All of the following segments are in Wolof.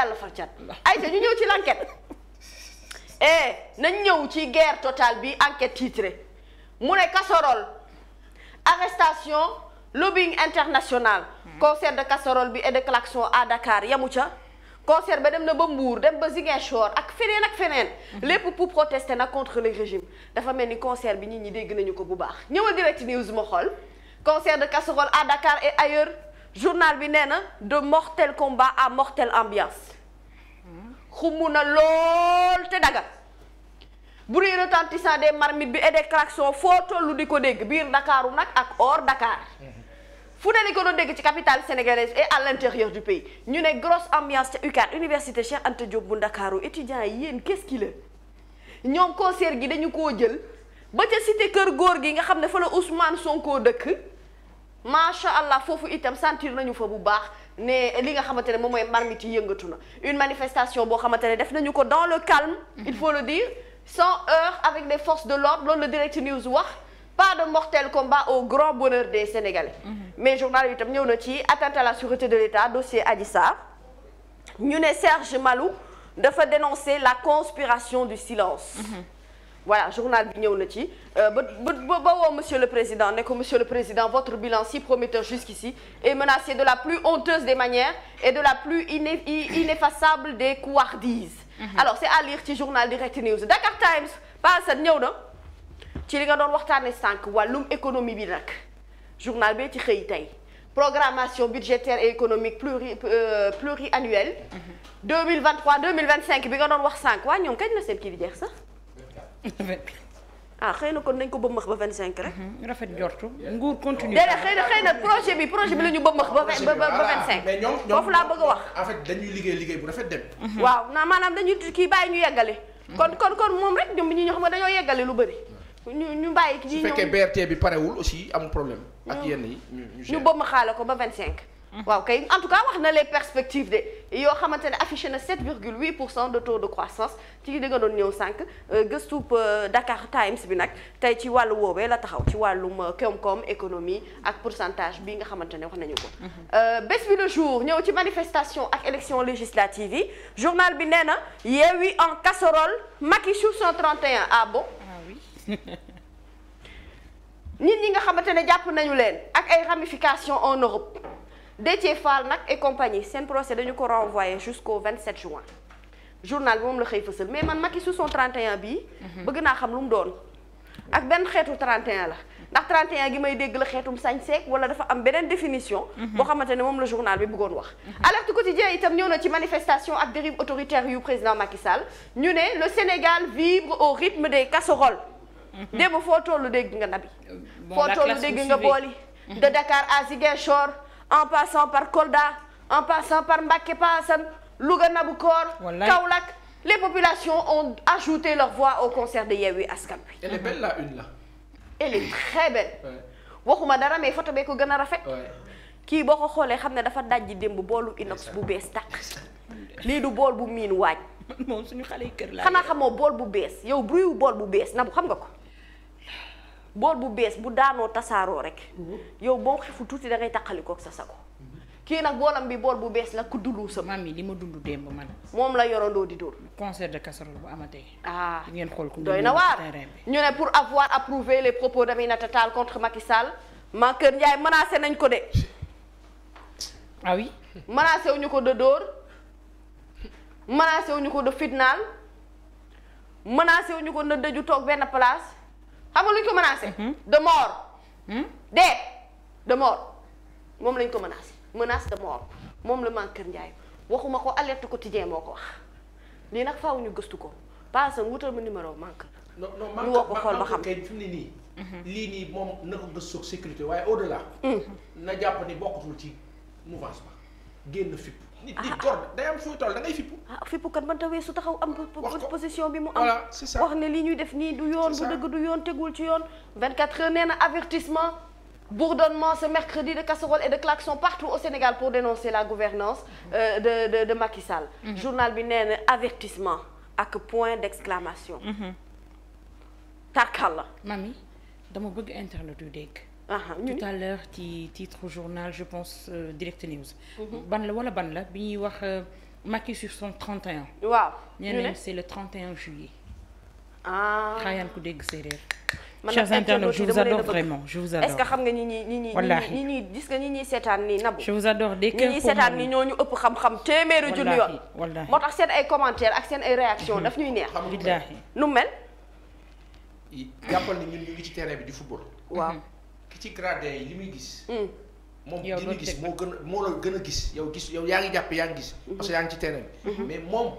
yàlla far cat ayca ñu ñëw ci l'enquête eh, nañ ñëw ci guerre total bi enquête titré mu ne casserole arrestation lobbying international hmm. concert de casserole bi et de klaxon à Dakar yamu ca concert ba dem na ba Mbour dem ba Ziguinchor ak feneen ak feneen hmm. lépp pour protester nag contre le régime dafa mel ni concert bi nit ñi dégg nañu ko bu baax ñëwal direct news ma xool concert de casserole à Dakar et ailleurs journal bi nee na de mortel combat à mortelle ambiance xumu na lool te daga bruit retentissant des marmites bi et des foo tollu di ko dégg biir Ndakaaru nag ak hors Dakar fu ne ni ko doon dégg ci capitale sénégalaise et à l'intérieur du pays ñu ne grosse ambiance ca UCAD université Cheikh Anta Diop bu Ndakaaru étudiants yi yéen qu'est-ce qu'il ñoom concert gi dañu ko jël ba ca cité kër góor gi nga xam ne fa la Ousmane koo dëkk macha allah foofu itam santir nañu fa bu baax ne li nga xamante ne moom mooy marmite yi yëngatu na une manifestation boo xamante ne def nañu ko dans le calme il faut le dire sans heurts avec les forces de l'ordre loolu la direct news wax pas de mortel combat au grand bonheur des sénégalais mm-hmm. mais journal bi itam ñëw na ci atteinte à la sûreté de l'état dossier Adji Sarr ñu ne Serge Malou dafa dénoncer la conspiration du silence mm-hmm. voilà journal bi ñëw na ci euh, ba ba ba woo monsieur le président ne monsieur le président votre bilan si prometteur jusqu'ici est menacé la plus honteuse des manières et de la plus iné ineffaçable des couardises mhm. alors ci journal direct news Dakar Times pasat ñëw na ci li nga doon waxtaane sànq wàllum économie bi nag journal bee ci xëy tey programmation budgétaire et économique pluri euh, pluriannuelle 2023 mhm. 2025 bi nga doon wax sànq waa ñoom kañ la seen jeex sax ah xëy na ko nañ ko bëmmax ba cinq rek. Mhm, rafet jortu nguur continue. déedéet xëy na xëy na projet bi projet bi la ñu bëmmax ba ba ba 25. mais ñoom ñoom foofu laa bëgg a wax. en fait dañuy liggéey liggéey bu rafet dem. Mhm. waaw naa maanaam dañuy kii bàyyi ñu yeggale. Mhm. kon kon kon moom rek ñoom ñi ñoo xam ne dañoo yeggale lu bari ñu ñu bàyyi kii ñoom su fekkee BRT bi parewul aussi amul problème. ak yenn yi ñu ñu xaale ko ba 25. waaw kay en tout cas wax na les perspectives de yoo xamante ne affiché na 7 virgule 8 pour cent de taux de croissance ci li nga doon ñëw sànq euh, gëstub euh, Dakar Times bi nag tey ci wàllu woowee la taxaw ci wàllum euh, koom-koom économie ak pourcentage bi nga xamante ne wax nañu ko. Mhm. bés bi le jour ñëw ci manifestation ak élection législative yi journal bi nee na Yewwi en casserole Macky sous 131 ah bon. ah oui. nit ñi nga xamante ne jàpp nañu leen ak ay ramifications en Europe. Déthié Fall nag et compagnie seen procès dañu ko renvoyé jusqu'au vingt juin le journal bi moom la xëy fësal mais man Macky Sousson 31 bi mhm. bëgg naa xam lu mu doon. ak benn xeetu 31 la ndax 31 gi may dégg la xeetum sañseek wala dafa am beneen définition. Mhm. boo xamante ne moom la journal bi bëggoon wax. Mhm. alerte quotidien itam ñëw na ci manifestation ak dérive autoritaire yu président Macky Sall ñu ne le Sénégal vibre au rythme des casseroles. démb foo tollu dégg nga nabi. Euh, foo tollu dégg nga booli. de Dakar à Ziguinchor. en passant par Kolda en passant par Mbacké Passan Louga Nabucor Kaolack les populations ont ajouté leur voix au concert de Yewwi Askan Wi elle est belle la une là elle très belle waxuma dara mais photo bee ko gën a rafet kii boo ko xoolee xam ne dafa dajji démb boolu inox bu bees tàq lii du bool bu miin waaj moom suñu xale yi kër la xanaa xamoo bool bu bees yow bruit bool bu bees na xam nga ko bool bu bees bu daanoo tasaaroo rek mhm. yow boo xifu tuuti da ngay taqalikook sa sago mhm. kii nag boolam bi bool bu bees la ku dulu sa mam yi li ma dund démb man moom la yorandoo di dóor concert de casserole bu amatee ah ngeen xool ko na waar ñu ne pour avoir approuvé les propos d'Aminata Tall contre Macky Sall Mankeur Ndiaye menacé nañ ko de ah oui menacé wuñu ko de dóor menacé wuñu ko de fitnaal menacé wuñu ko de benn place xam nga lu ñu ko menacé. Mm-hmm. de mort. Mm-hmm. de de mort moom lañ ko menacé menace de mort moom la Mankeur Ndiaye waxuma ko alerte quotidien moo ko wax lii nag faaw ñu gëstu ko paase wutal ma numéro Mankeur. non non man woo ko xool ba xam kay fi mu ne nii. Mm-hmm. lii nii moom na ko gëstu sécurité waaye au delà. Mm. na jàpp ni bokkatul ci mouvance ba génn fipp nit nit góor day am fuy toll fippu. ah fippu kat man ta taxaw am. position bi mu am. wax ne li ñuy def nii du yoon. bu dëgg du yoon tegul ci yoon. 24 heures nee na avertissement bourdonnement ce mercredi de casseroles et de klaxons partout au Sénégal pour dénoncer la gouvernance euh, de de de Macky Sall. Mmh. journal bi nee na avertissement ak point d'exclamation. Mhm. tarkal la. mami dama bëgg internet yu dégg. tout à l'heure ci titre journal je pense euh, direct news. Mhm. ban la wala ban la bi ñuy wax euh, Macky sur son 31. waaw ñu ne c'est le 31 juillet. ah xaayaan ku dégg séeréer. chers internautes je vous adore vraiment je vous adore. est-ce que xam nga ñi ñi ñi ñi ñi ñi gis nga ñi ñuy seetaan nii nabu. je vous adore dès que ñi ñuy seetaan nii ñooñu ëpp xam-xam téeméeri junni yoon. wallaahi moo tax seen ay commentaires ak seen ay réactions mhm. daf ñuy neex. billaahi nu mel. jàppal ni ñun ñu ci terrain bi di ki ci gradin yi li muy gis. Mm. moom li muy gis moo gën moo la gën a gis yow gis yow yaa ngi jàpp yaa ngi gis. Mm-hmm. parce que yaa ngi ci terrain bi. Mm-hmm. mais moom.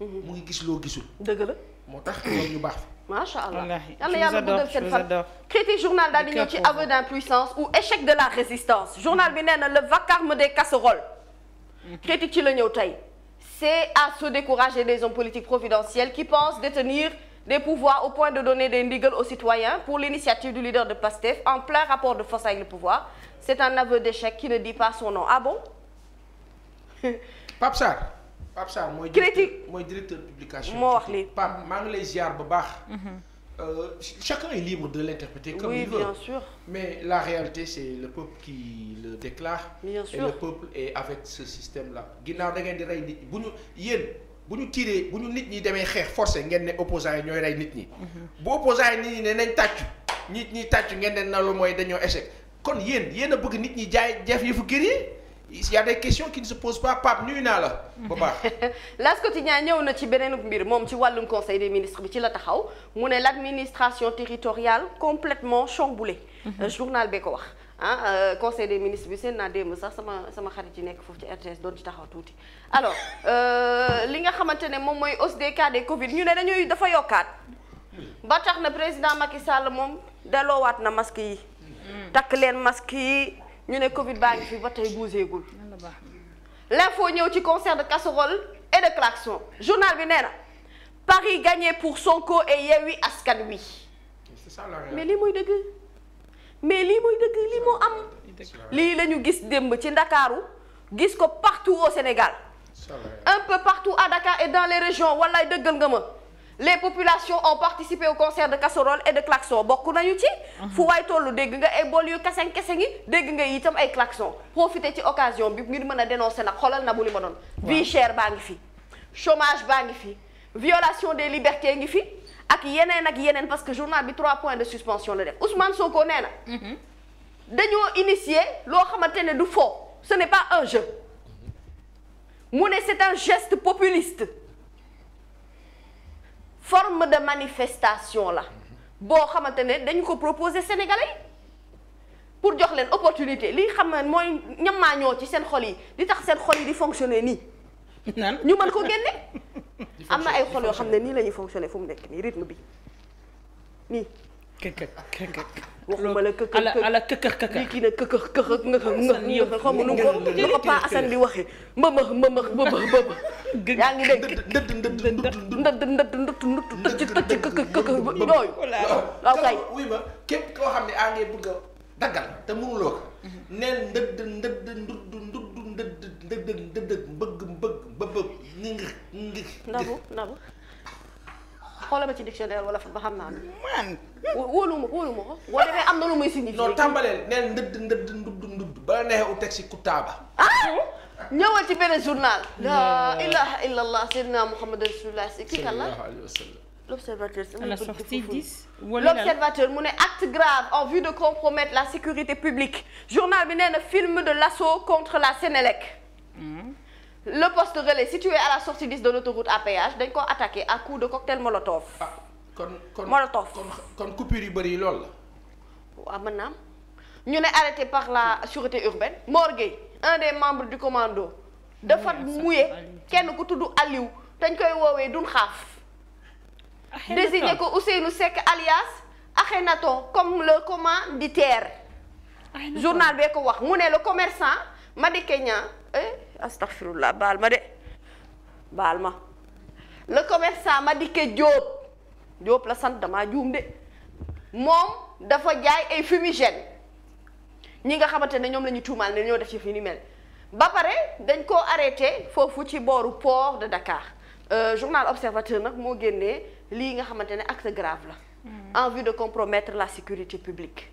Mm-hmm. mu ngi gis loo gisul. dëgg la moo tax ñoom ñu baax. macha allah yàlla yàlla guddal seen fan. critique journal daal di ñëw ci aveu d'impuissance ou échec de la résistance journal bi nee na le vacarme des casseroles. critique ci la ñëw tey. c'est à se décourager des hommes politiques providentiels qui pensent détenir. des pouvoirs au point de donner des ndigal aux citoyens pour l'initiative du leader de PASTEF en plein rapport de force avec le pouvoir c'est un aveu d'échec qui ne dit pas son nom ah bon. Pape Sarr. Pape Sarr mooy. critique mooy directeur publication. moo wax lii Pape lay ziar bu baax. Mhm. Euh, chacun est libre de l'interpréter comme oui, il veut. bien sûr. Mais la réalité c'est le peuple qui le déclare. bien sûr. et avec ce système-là. ginnaaw da ngeen di rey nit bu bu ñu tiiree bu ñu nit ñi demee xeex forcé ngeen ne opposants yi ñooy rey nit ñi. bu opposants yi nit ñi ne nañ tàcc nit ñi tàcc ngeen ne na lu mooy dañoo échec kon yéen yéen bëgg nit ñi jaay jëf yëfu guerrier il y a des questions qui ne se posent pas Pape nuyu naa la. ba baax L'As Quotidien ñëw na ci beneen mbir moom ci wàllum conseil des ministre bi ci la taxaw mu ne l'administration territoriale complètement chamboulée. Mm-hmm. Euh, journal bee ko wax. ah euh, conseil des ministres bi seen naa démb sax sama sama xarit yi nekk foofu ci RTS doon ci taxaw tuuti alors euh, li nga xamante ne moom mooy hausse des cas de Covid ñu ne dañuy dafa yokkaat ba tax na président Macky Sall moom delloowaat na masque yi. Mm. takk leen masque yi ñu ne Covid baa ngi fi ba tey buuseegul. foo ñëw ci concert de casserole et de klaxon journal bi nee na Paris gagné pour Sonko et Yewwi Askan Wi. mais lii mooy dëgg. mais lii mooy dëgg lii moo am. lii la ñu gis démb ci ndakaaru gis ko partout au Sénégal. un peu partout à Dakar et dans les régions wallaay dëggal nga ma. les populations ont participé au concert de casserole et de klaxon bokk nañu ci. fu waay tollu dégg nga ay bool yu kaseng kaseng yi dégg nga itam ay klaxon profité ci occasion bi ngir mën a dénoncer nag xoolal na bu li ma doon. vie chère baa ngi fi. chômage baa ngi fi. violation des libertés ngi fi. ak yeneen ak yeneen parce que journal bi trois points de suspension la def Ousmane Sonko nee na. Mhm. dañoo initier loo xamante ne du faux ce n'est pas un jeu mu ne c'est un geste populiste forme de manifestation la boo xamante ne dañu ko proposer sénégalais pour jox leen opportunité li xam ne mooy ñamaañoo ci seen xol yi li tax seen xol yi di fonctionner nii. ñu mën ko génne. am na ay yoo xam ne nii la ñuy fonctionner fu nekk nii rythme bi nii. këkër këkër. waxuma la këkër ala ala këkër këkër. lii kii na këkër këkër nga nga nga xamu nu ko nu ko Pa Assane di waxee mbëmbëx mbëmbëx mbëmbëx mbëmbëx. yaa ngi dégg ndënd ndënd ndënd ndënd ne aa ngay bëgg a daggal te mënuloo ko. Mhm. neel ndënd ndënd ndënd ndënd ndënd Ndabu Ndabu xoolal ma ci dictionnaire wala fa ba xam naa ne. man wóolu ma wóolu ma ko. boo defee am na lu muy signifié. non tàmbaleel neen ndëdd ndëdd ndudd ndudd bala neexee u teg si kutaaba. Ah! ñëwal ci beneen journal. la ilaha illallah sayyidina Muhammad rasulullah si kii kan la. l'observateur l'observateur mu ne acte grave en vue de compromettre la sécurité publique journal bi nee na film de l'assaut contre la Sénélec. Hmm. le poste relais situé à la sortie 10 de l'autoroute à péage dañ ko attaqué à coup de cocktail molotov. ah kon kon molotov kon kon yu bëri yi loolu la. waaw mën ñu ne arrêté par la sûreté urbaine Mor Gueye un des membres du commando dafa mouillé kenn ku tudd Aliou dañ koy woowee dun xaaf. Ah, désigné ko Ousseynou Seck alias Akhenaton comme le commanditaire. journal bee ko wax mu ne le ma Madické Niang euh, astaghfirullah baal ma de baal ma le ma Madické Diop Diop la sant damaa juum de moom dafa jaay ay fumigène ñi nga xamante ne ñoom la ñu tuumaal ne ñoo def yëf yi mel ba pare dañ koo arrêté foofu ci booru port de Dakar euh, journal observateur nag moo génnee lii nga xamante ne acte grave la hmm. en vue de compromettre la sécurité publique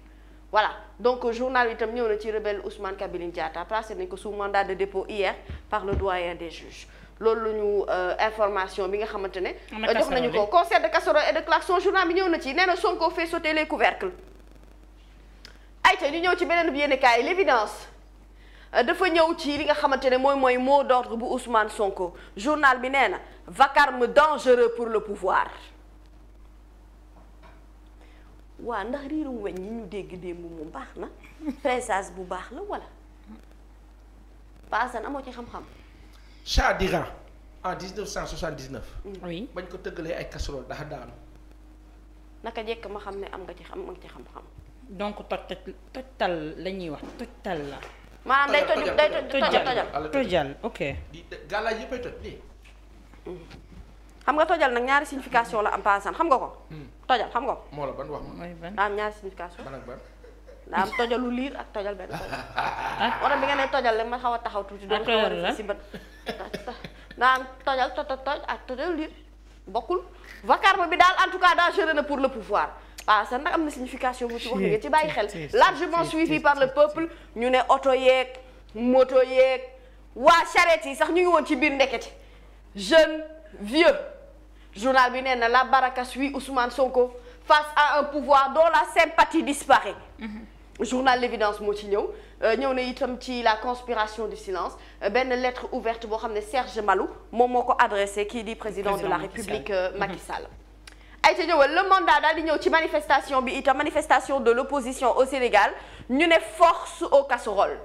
voilà donc journal bi itam ñëw na ci rebelle Ousmane Kabiline Diatta placé nañ ko sous mandat de dépôt hier par le doyen des juges loolu la ñu euh, information bi nga xamante ne. jox nañu ko concert de casserole et de klaxon journal bi ñëw na ci nee na Sonko fait sauter les couvercles. ayca ñu ñëw ci beneen bi yéen kaay l'évidence euh, dafa ñëw ci li nga xamante ne mooy mooy mot d'ordre bu Ousmane Sonko journal bi nee na vacarme dangereux pour le pouvoir. waa ndax riirum weñ yi ñu dégg démb moom baax na pressage bu baax la wala paasan amoo ci xam-xam Chadira en 1979 mm. oui bañ ko tëggalee ay casserole ndax daanu naka jekk ma xam ne am nga ci xam nga ci xam-xam donc toj toj tojtal la ñuy wax tojtal la maanaam day toj day toj tojal tojal ok xam nga tojal nag ñaari signification la am paasan xam nga ko. Hmm. tojal xam nga ko. moo la ban wax ma. daa am ñaari signification. ban am tojalu liir ak tojal benn tojal. wala nga ne tojal rek ma xaw a taxaw tuuti. doon a si bët. daa am tojal toj toj ak tojal liir bokkul. vacarme bi daal en tout cas dangereux na pour le pouvoir. ah sax am na signification bu ci wax nga ci bàyyi xel largement suivi par le peuple ñu ne oto yeeg moto yeeg waa charrette yi sax ñu ngi woon ci biir ndekete jeune vieux journal bi nee na la baraka suit Ousmane Sonko face à un pouvoir dont la sympathie disparaît. Mmh. journal l'évidence moo ci ñëw euh, ñëw na itam ci la conspiration du silence euh, benn lettre ouverte boo xam ne Serge Malou moom moo ko adressé kii di président de la République euh, mhm. Macky Sall. ay ca ñëwal le mandat daal di ñëw ci manifestation bi itam manifestation de l'opposition au Sénégal ñu ne force aux casseroles.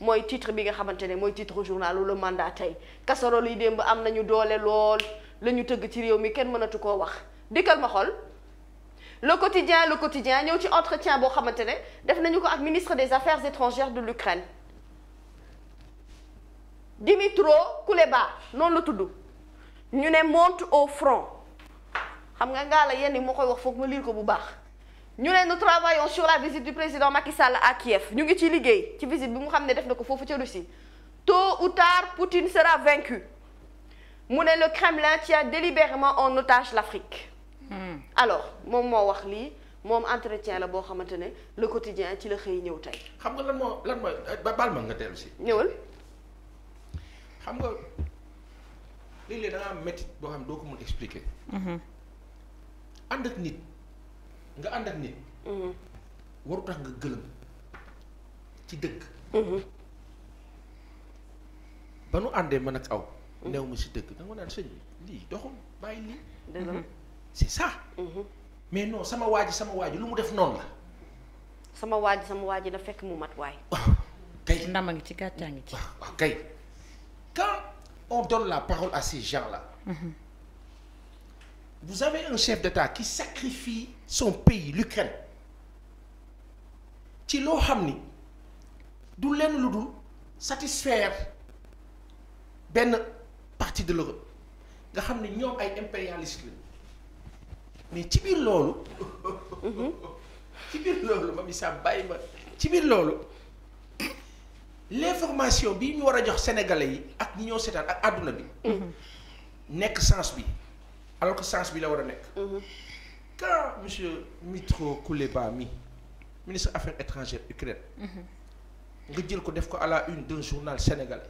mooy titre bi nga xamante ne mooy titre journal le mandat tey casserole yi démb am nañu doole lool la ñu tëgg ci réew mi kenn mënatu koo wax dikkal ma xool le quotidien le quotidien ñëw ci entretien boo xamante ne def nañu ko ak ministre des affaires étrangères de l'Ukraine Dimitro Kuleba noonu la tudd ñu ne monte au front xam nga ngaa la yenn moo koy wax foog ma liir ko bu baax ñu ne nous travaillons sur la visite du président Macky Sall à Kiev ñu ngi ci liggéey ci visite bi mu xam ne def na ko foofu ca Russie tôt ou tard Poutine sera vaincu mu ne le Kremlin tient délibérément en otage l'Afrique mm. alors moom moo wax lii moom entretien la boo xamante ne le quotidien ci la xëy ñëw tey. xam nga lan moo lan mooy eh, baal ma nga dellu si. ñëwal. xam nga léeg-léeg da nga am boo xam doo ko mun expliquer. Hmm. ànd ak nit. nga ànd ak nit. Mm-hmm. waru tax nga gëlëm ci dëgg. Mm-hmm. ba nu àndee man ak aw. Mm-hmm. néew ma si dëgg dama naan sëñ bi lii doxul bàyyi lii. dëgg c'est ça. mais non sama waaj sama waa lu mu def noon la. sama waa sama waa ji fekk mu mat waay. kay ndama ngi ci gàccaa ngi ci. waaw kay quand on donne la parole à ces vous avez un chef d'État qui sacrifie son pays l'Ukraine ci loo xam ni du lenn lu du satisfaire benn parti de l'Europe nga xam ne ñoom ay impérialistes lañu mais ci biir loolu ci biir loolu Mamy Samb bàyyi ma ci biir loolu l'information bi ñu war a jox sénégalais yi ak ñi ñoo seetaan ak àdduna bi nekk sens bi alors que sens bi la war a nekk. Mhm. quand monsieur Mitro Kuleba mi ministre affaires étrangères Ukraine. Mhm. nga jël ko def ko à la une d'un journal sénégalais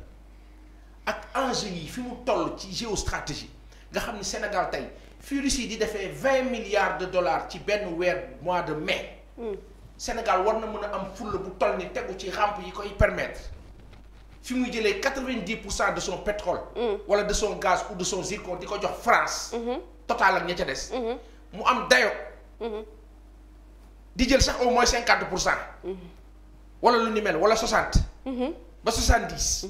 ak enjeu yi fi mu toll ci géostratégie nga xam ni Sénégal tey fii Russie di defee vingt milliards de dollars ci benn weer mois de mai. Mm. Sénégal war na mën a am fulla bu toll ni tegu ci rampe yi koy permettre. fi muy jëlee quatre-vingt-dix pour cent de son pétrole. Mm. wala de son gaz ou de son zircon di ko jox France. Mm-hmm. total ak ña ca des. Mm-hmm. mu am dayo mm-hmm. di jël sax au cinquante pour cent. wala lu ni mel wala soixante. ba soixante-dix.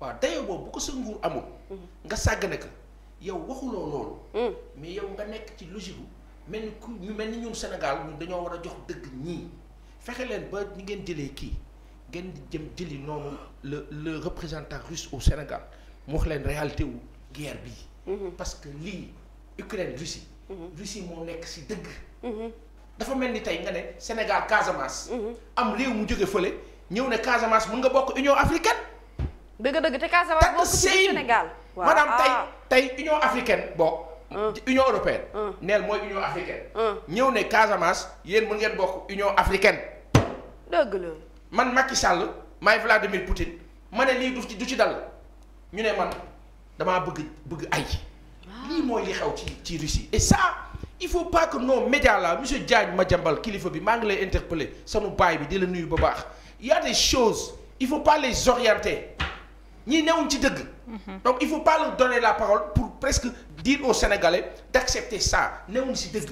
waaw dayo boobu bu ko sa nguur amul. nga sàggane ko yow waxuloo loolu. Mm. mais yow nga nekk ci logique gu mel ni ku mel ni ñun senegal ñun dañoo war a jox dëgg ñii fexe leen ba ñi ngeen jëlee kii. ngeen di jëm jëli noonu le le représentant russe au Sénégal mu wax leen réalité wu guerre bii. Mhm. parce que lii Ukraine Russie. Mhm. Russie moo nekk si dëgg. Mhm. dafa mel ni tey nga ne Sénégal Casamance. am réew mu jóge fële ñëw ne Casamance mun nga bokk Union africaine. dëgg-dëgg te Casamance boo ci Sénégal maanaam tey ah. tey Union africaine bokk. Mm. Union européenne. Mm. neel mooy Union africaine. Mm. ñëw ne Casamance yéen mën ngeen bokk Union africaine. dëgg la. man Macky Sall maay Vladimir Poutine ma ne lii du ci du ci dal ñu ne man damaa bëgg bëgg ay ah. lii mooy li xew ci ci Russie et ça il faut pas que nos médias là monsieur ma jambal kilifa bi maa ngi lay interpeller sanu baay bi di la nuyu ba baax y a des choses il faut pas les orienter ñi newuñ ci dëgg mhm. donc il faut pas leur donner la parole pour presque dire aux Sénégalais d'accepter ça newuñ si dëgg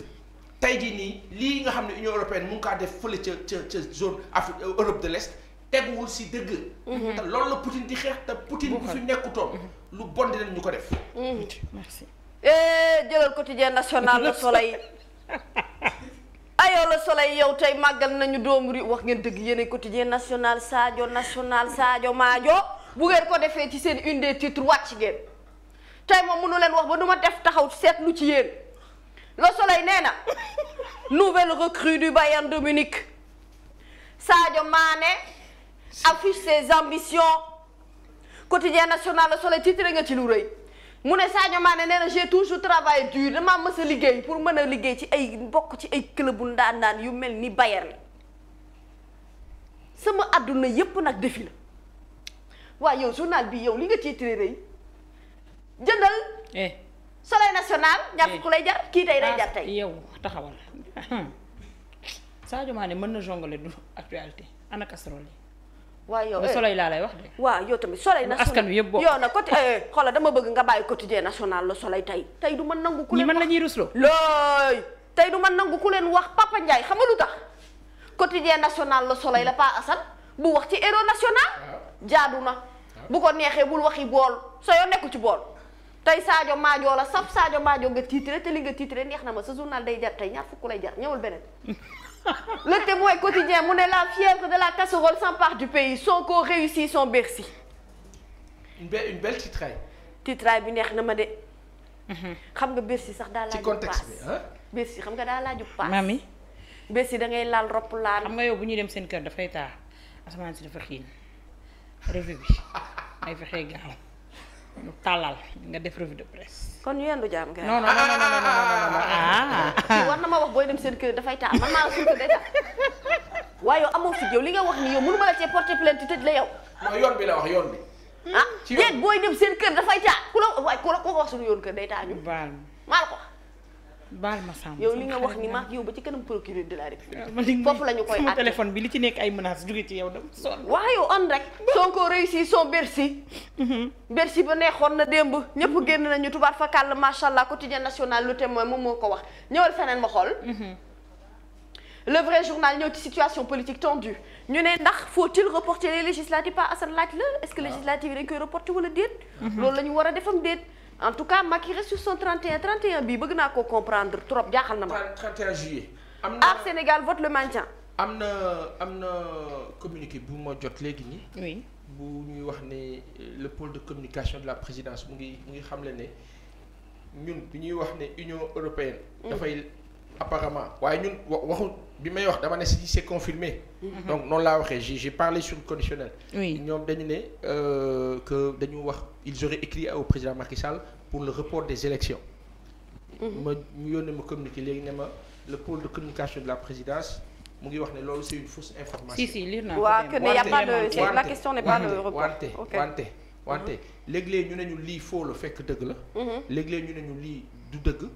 tey jii nii lii nga xam ne Union européenne mu ngi kaa def fële ca ca ca zone Afrique euh, Europe de l'Est teguwul si dëgg. Mhm. te loolu la Poutine di xeex te Poutine bu nekku nekkutoon. Mhm. lu bon dinañ ñu ko def. Mhm. merci. Eh, jëlal quotidien national Le Soleil ayoo la Soleil yow tey màggal nañu doomu ri wax ngeen dëgg yéen quotidien national Sadio national Sadio Maajo bu ngeen ko defee ci seen une des titres wàcc ngeen tey moom mënu leen wax ba du ma def taxaw seetlu ci yéen. la Soleil nee na nouvelle recrue du Bayern de Munich Sadio Mané affiche ses ambitions quotidien national Le Soleil titre nga ci lu mu ne Sadio Mané nee na toujours travaillé dur damaa mës liggéey pour mën a liggéey ci ay bokk ci ay club ndaanaan yu mel ni Bayern sama àdduna yépp nag defi la waaye yow journal bi yow li nga titre rëy jëndal. Eh. soleil national ñaar fukk eh. lay jar kii tey day ah, jar tey. yow taxawal hmm. Sadio Mané mën na jongale du actualité ana casserole yi. waaw yow eh. soleil laa lay wax de. waaw yow tamit soleil national askan wi yëpp bokk yow nag côté eh, xoolal dama bëgg nga bàyyi quotidien national le soleil tey tey du mën nangu ku leen wax ñi mën tey du mën nangu ku leen wax Papa xam nga lu tax quotidien national la soleil la pas Assane bu wax ci héros national. jaadu na bu ko neexee bul waxi bool sa yoo nekku ci bool. tey Sadio Maajo la saf saajo Maajo nga tiitre te li nga tiitre neex na ma sa journal day jar tey ñaar fukk lay jar ñëwal beneen le témoin quotidien mu ne la fièvre de la casserole s'empare du pays Sonko réussit son Bercy une belle une bi neex na ma de mhm. xam nga Bercy sax daa laaju paas Bercy xam nga daa laaju paas mami Bercy da ngay laal ropp laal xam nga yow bu ñuy dem seen kër dafay taa asamaan si dafa xiin revue bi ay fexee gaaw ñu tàllal nga def revue de presse. kon ñu yendu jàmm nga. non non non ah. war na ma wax booy dem seen kër dafay taal man maa la kër day taal waaye yow amoo fi li nga wax ni yow mënu ma la cee porter plainte tëj la yow. non yoon bi la wax yoon bi. ah déet booy dem seen kër dafay taal ku la waaye ku la ko wax suñu yoon kër day taal ñu. baal ko baal ma sàmm yow li nga wax ni ma yow ba ci kanam procureur de la république foofu la ñu koy sama téléphone bi li ci nekk ay menaces jóge ci yow dem so waaw yow on rek Sonko réussi son Bercy mhm. Bercy ba neexoon na démb ñëpp mhm. génn nañu tubaab fa kàll macha allah quotidien national le témoin moom moo ko wax ñëwal feneen ma xool mhm. le vrai journal ñëw ci situation politique tendue ñu ne ndax faut-il reporter les législatives pas Assane laaj la est-ce que législatives yi dañ koy loolu la ñu war a defam déet en tout cas Macky reste sur son 31 31 bii bëgg naa ko comprendre trop jaaxal na ma. 31 juillet. am na Sénégal vote le maintien. am na am na communiqué bu ma jot léegi nii. bu ñuy wax ne euh, le pole de communication de la présidence mu ngi mu ngi xam xamle ne ñun du ñuy wax ne Union européenne. Mm. dafay apparemment waaye ñun waxu. bi may wax dama ne si c'est confirmé. Mm-hmm. donc noonu laa waxee j'ai j'ai parlé sur le conditionnel. ñoom dañu ne euh, que dañoo wax ils auraient écrit au président Macky Sall pour le report des élections mm-hmm. ma mu yónnee ma communiqué léegi ne ma le pôle de communication de la présidence mu ngi wax ne loolu c'est une fausse information. si si lire que ne y a pas de la question n'est pas le report wante wante wante mm-hmm. ñu ne ñu lii faux la fekk dëgg la. léeg ñu ne ñu lii du dëgg.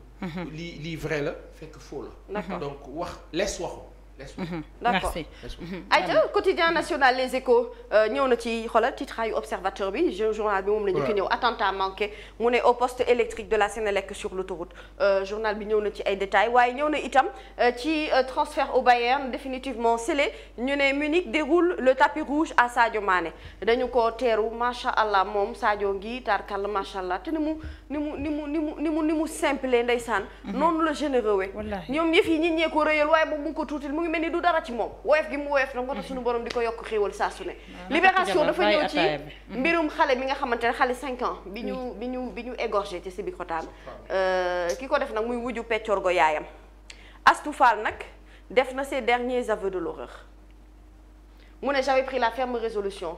lii lii vrai la fekk faux la donc wax lees waxu Mhm. d'accord merci. ayca mhm. quotidien national les échos euh, ñëw na ci xoolal titraayu observateur bi journal bi moom la ñu ko ñëw attentat manqué mu ne au poste électrique de la Sénélec sur l'autoroute euh, journal bi ñëw na ci ay détails waaye ñëw na itam euh, ci transfert au Bayern définitivement scellé ñu ne Munich déroule le tapis rouge à Sadio maane dañu ko teeru macha allah moom Sadio ngi tarkal macha allah te ni mu ni mu ni mu ni mu ni mu ni mu simple ndeysaan. Mhm. noonu la généreux. wallaahi ngi mel ni du dara ci moom woyof gi mu woyof nag moo tax di ko yokk xéewal saa su ne ah, libération mm-hmm. mbirum xale mi nga xamante ne xale cinq ans bi ñu bi ñu bi ñu égorgé ci Sébikotane euh, ki ko def nag muy wuju peccor go yaayam Astou Fall nag def na ses derniers aveux de l'horreur mu ne j'avais pris la ferme résolution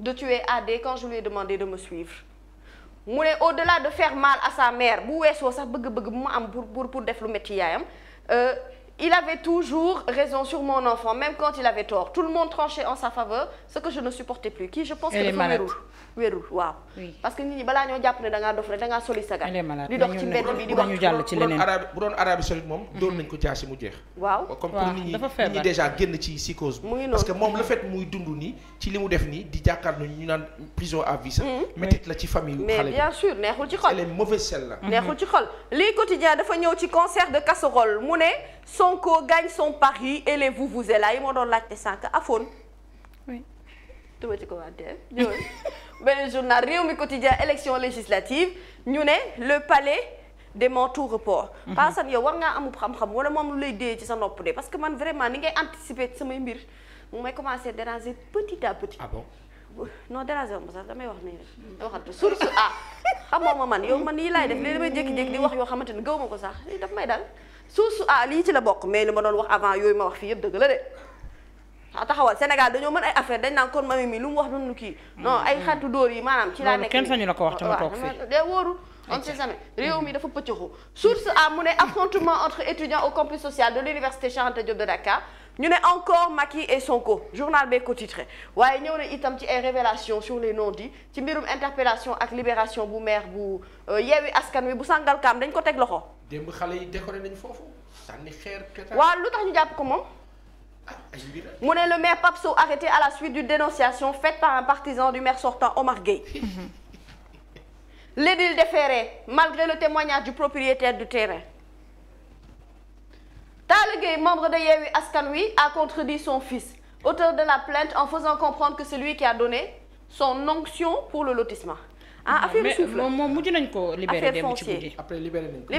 de tuer AD quand je lui ai de me suivre mu ne au-delà de faire mal à sa bu weesoo sax bëgg-bëgg bu mu am pour pour pour def lu metti yaayam euh, il avait toujours raison sur mon enfant, même quand il avait tort. Tout le monde tranchait en sa faveur, ce que je ne supportais plus. Qui, je pense que dafa wérul waaw. parce que nit ñi balaa ñoo jàpp ne da dof rek da soli sagar. di dox ci mbedd bi di wax bu doon arabe bu doon arabe mm-hmm. comme pour nit ñi déjà génn ci psychose bi. parce que moom le fait muy dund nii ci li mu def nii di jàkkaarloo ñu naan prison à vie sax. Mm-hmm. la ci famille xale mais bien sûr Sonko gagne son pari et les vous vous yi moo doon laajte sànq afoon. oui. tuba ci commentaire ñëwal beneen journal réew mi quotidien élection législative ñu ne le palais dément tout report. Mhm. parce que yow war ngaa amub xam-xam wala moom lu lay dee ci sa nopp de parce que man vraiment ni ngay anticiper samay mbir mu may commencer déranger petit à petit. ah bon déranger ma sax damay wax nii rek. waxatu source ah xamoo ma man yow man yi laay def léegi damay jékki-jékki di wax yoo xamante ni gëw ma ko sax daf may dal. source a ah, lii ci la bokk mais li ma doon wax avant yooyu ma wax fii yëpp dëgg la de ah taxawal Sénégal dañoo mën ay affaire dañ naan kon mami mi lu mu wax noonu kii non ay xaritu dóor yi maanaam ci laa nekk kenn sañu la ko wax te ma toog fii de wóorul on ne sait réew mi dafa pëccëxu source a mu ne affrontement entre étudiants au campus social de l'université Cheikh de Dakar ñu ne encore Macky et Sonko journal bee ko titré waaye ñëw na itam ci ay révélations sur les non-dits ci mbirum interpellation ak libération bu maire bu euh, yeewi askan wi bu Sangalkam dañ ko teg loxo. démb xale yi foofu sànni xeer. waaw lu tax ñu jàpp ko ah, mu ne le maire Pape Sow arrêté à la suite d'une dénonciation faite par un partisan du maire sortant Omar Gueye. L'édile déféré malgré le témoignage du propriétaire du terrain. Talla Gueye membre de Yewwi Askan Wi a contredit son fils auteur de la plainte en faisant comprendre que c'est lui qui a donné son onction pour le lotissement ah affaire suuf la moom mujj nañ ko libéré dem ci guddi après libéré nañ ko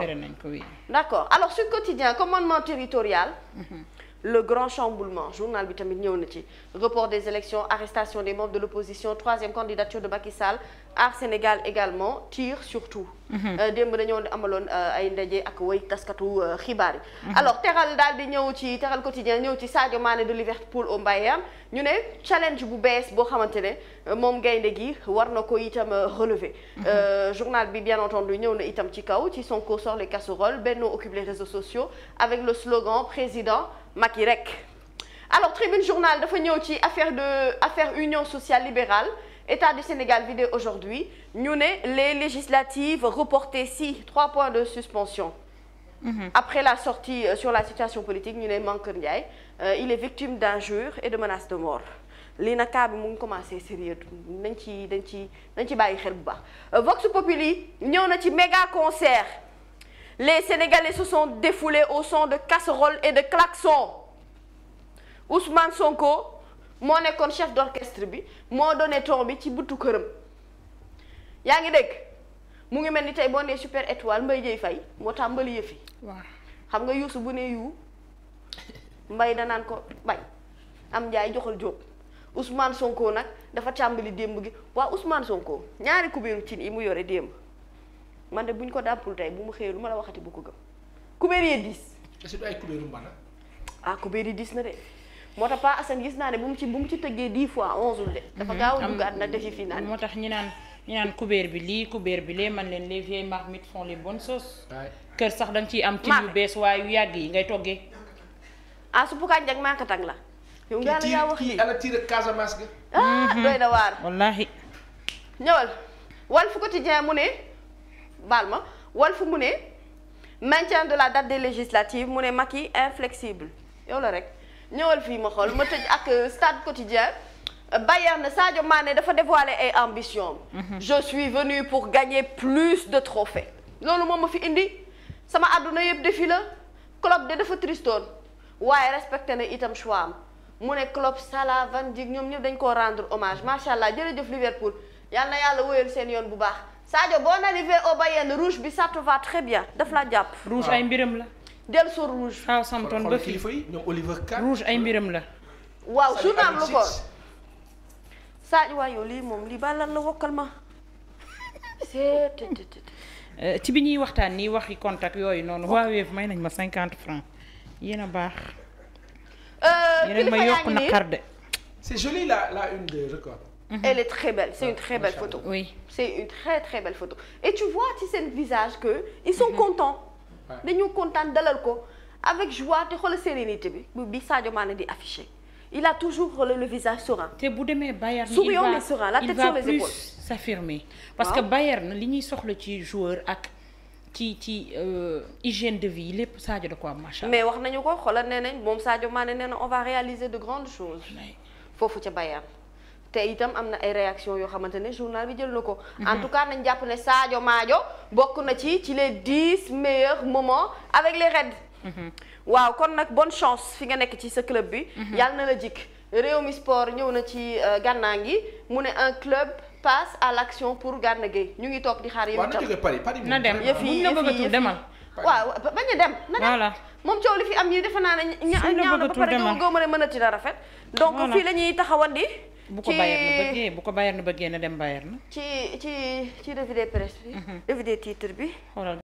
libéré nañ ko oui d'accord alors sur quotidien commandement territorial mhm. le grand chamboulement journal bi tamit ñëw na ci report des élections arrestation des membres de l'opposition troisième candidature de Macky Sall Aar Sénégal également tir surtout mhm. euh, démb dañoo amaloon euh, ay ndaje ak way taskatu euh, xibaar yi mhm. alors teral daal di ñëw ci teral quotidien ñëw ci Sadio Mané de Liverpool au Bayern ñu ne challenge bu bees boo xamante ne moom gaynde gi war na ko itam relever mhm. journal bi bien entendu ñëw na itam ci kaw ci son sort les casseroles Benno occupe les réseaux sociaux avec le slogan président Macky rek alors tribune journal dafa ñëw ci affaire de affaire union sociale libérale état du Sénégal vidéo aujourd'hui ñu ne les législatives reportées si trois points de suspension mmh. après la sortie euh, sur la situation politique ñu ne Mankeur Ndiaye euh, il est victime d'injures et de menaces de mort lii nag cas bi mu ngi commencé sérieux nañ ci dañ ci dañ ci bàyyi xel bu baax euh, Vox Populi ñëw na ci méga concert les Sénégalais se sont au son de casseroles et de klaxons Ousmane Sonko moo nekkoon chef d'orchestre bi moo done ton bi ci butu këram yaa ngi dégg mu ngi mel ni tey boo nee super étoile mbay Dieye fay moo tàmbali yëfi waaw xam nga yuusu bu ne yuu mbay danaan ko bay am njaay joxal jóob Ousmane Sonko nag dafa tàmbali démb gi waa Ousmane ko ñaari kubéeru cin yi mu yore démb man de bu ñu ko dàppul tey bu mu xëyee lu ma la waxati bu ko gëm kubéer yee diis. est-ce ah kubéer yi diis na de moo tax Pa Assane gis naa ne bu mu ci bu mu ci tëggee dix fois onzeul de. dafa mhm. gaaw a duggaat na defi fii naan moo tax ñu naan ñu naan kubéer bi lii kubéer bi lee man leen les vieilles marmites font les bonnes sauces. kër sax da ci am. cin yu bees waaye yu yàgg yi ngay toggee. ah suppu kànja ak mankatang la. yow nga la yaa wax lii ala tiir Casamance ga. ah mhm. doy na waar. wallaahi. mu ne. baal ma fu mu ne maintien de la date des législatives mu ne Macky inflexible yow la rek ñëwal fii ma xool ma tëj ak euh, stade quotidien Bayern na Sadio ne dafa dévoiler ay ambition mhm. je suis venu pour gagner plus de trophées loolu moom ma fi indi sama àdduna yëpp defi la Klopp de dafa tristoon waaye respecté na itam choix am mu ne Klopp Salah Van Dijk ñoom ñëpp dañ koo rendre hommage macha allah jërëjëf Liverpool yal na yàlla wóyal seen yoon bu baax Sadio boo arrivé au Bayern rouge bi ça te va très bien daf la jàpp. rouge ay mbiram la. Ah. del sur rouge. Southampton ba fii ñoom Oliver Kahn rouge ay mbiram la. waaw su naam lu ko Sadio waaye yow lii moom lii ba lan la wokkal ma. Eh, ci bi ñuy waxtaan nii waxi contact yooyu noonu Huawei may nañ ma cinquante francs yéen a baax. Euh, kilifa yaa ngi a ma yokk naqar de. la la une de Mhm. Elle est très belle, c'est une très belle très belle photo. Et tu vois ci seen visage que ils sont mhm. contents. dañu kontaan dalal ko avec joie te xoolal sérénité bi bi Sadio maane di affiché. il a toujours le, le visage serein. te bu demee Bayern souriant mais serein la tête sur les épaules il va plus s'affirmer parce que Bayern li ñuy soxla ci joueur ak ci ci euh, hygiène de vie lépp Sadio da ko am macha mais wax nañu ko xoolal nee nañ moom Sadio Mané nee na on va réaliser de grandes choses. foofu ca Bayern. te itam am na ay réaction yoo xamante ne journal bi jël na ko. Mhm. en tout cas nañ jàpp ne Sadio Maajo bokk na ci ci les dix meilleurs moments avec les Reds. Mhm. waaw kon nag bonne chance fi nga nekk ci sa club bi. Mhm. yàlla na la jikk réew mi sport ñëw na ci euh, gànnaa ngi mu ne un club. passe à l'action pour Gana Gueye ñu ngi toog di xaar yow itam na dem yëf yi yëf yi demal waaw bañ a dem na dem moom coow li fi am yi defe naa ne ñaaw na ba pare gëw ma ne mënati dara rafet donc fii la ñuy taxawandi bu ko Bayern na bu ko Bayern na bëggee na dem Bayern na. ci ci ci revue de presse bi. Mhm. revue titre bi.